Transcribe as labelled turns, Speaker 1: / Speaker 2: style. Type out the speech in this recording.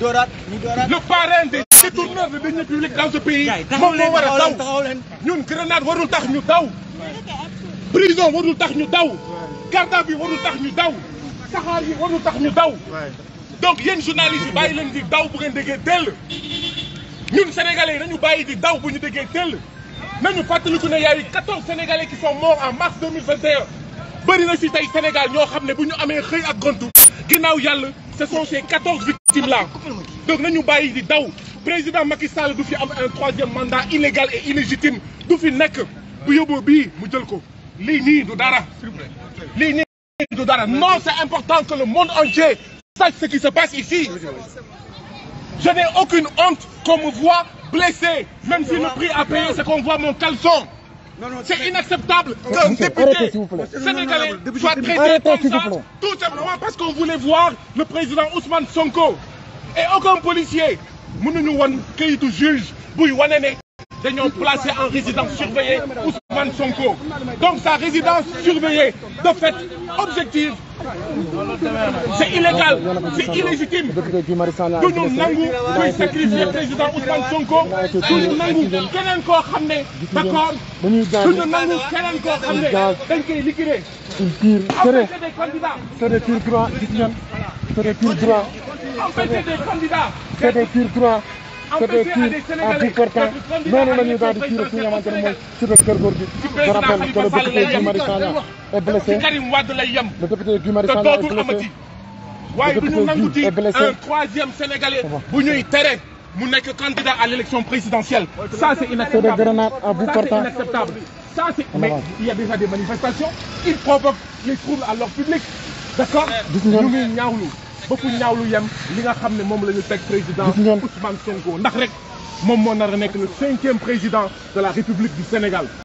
Speaker 1: dooraat ñu dooraat. le parrain des détourneurs de deniers publics dans ce pays. moom moo war a daw ñun grenade warul tax ñu daw. prison warul tax ñu daw. garda bi warul tax ñu daw. saxaar yi warul tax ñu daw. donc yéen journalistes yi bàyyi leen di daw bu ngeen déggee tell ñun sénégalais yi nañu bàyyi di daw bu ñu déggee tell nañu fàttaliku ne yaayu 14 sénégalais qui sont morts en mars 2021 bëri na fi tey Sénégal ñoo xam ne bu ñu amee xëy ak gontu ginnaaw yàlla. ce sont ces quatorze victimes là donc nañu bàyyi di daw président Macky Sall du fi am un troisième mandat illégal et illégitime du fi nekk bu yóbboo bii mu jël ko lii du dara lii du dara non c'est important que le monde entier sache ce qui se passe ici je n'ai aucune honte qu'on me voit blessé même si le prix à payer c'est qu'on voit mon caleçon C'est inacceptable qu'un député sénégalais soit traité comme ça, tout simplement parce qu'on voulait voir le président Ousmane Sonko. Et aucun policier mënuñu won kayitu juge buy wane ne dañoo placé en résidence surveillée Ousmane Sonko donc sa résidence surveillée de fait objective c'est illégal c'est illégitime du ñu nangu kuy sacrifier président Ousmane Sonko du ñu nangu keneen koo xam ne d'accord du ñu nangu keneen koo xam ne dañ koy liquider. empêcher des candidats c'est des purs droits gis ngeen c'est des c'était kii en tout portant noonu la ñuy daal di tiire ki nga xamante ne mooy Cité Keur Gorgui je rappelle que le député Guy Marius Sagna est blessé le député Guy Marius Sagna est blessé waaye du ñu nangu di un troisième sénégalais bu ñuy tere mu nekk candidat à l'élection présidentielle ça c'est inacceptable c'est des grenades à bout portant ça c'est mais il y a déjà des manifestations ils provoquent les troubles à l'ordre public d'accord ñu ngi ñaawlu boku fu ñaaw lu yem li nga xam ne moom la ñu teg président Ousmane Sonko ndax rek moom moo nar a nekk le cinquième président de la République du Sénégal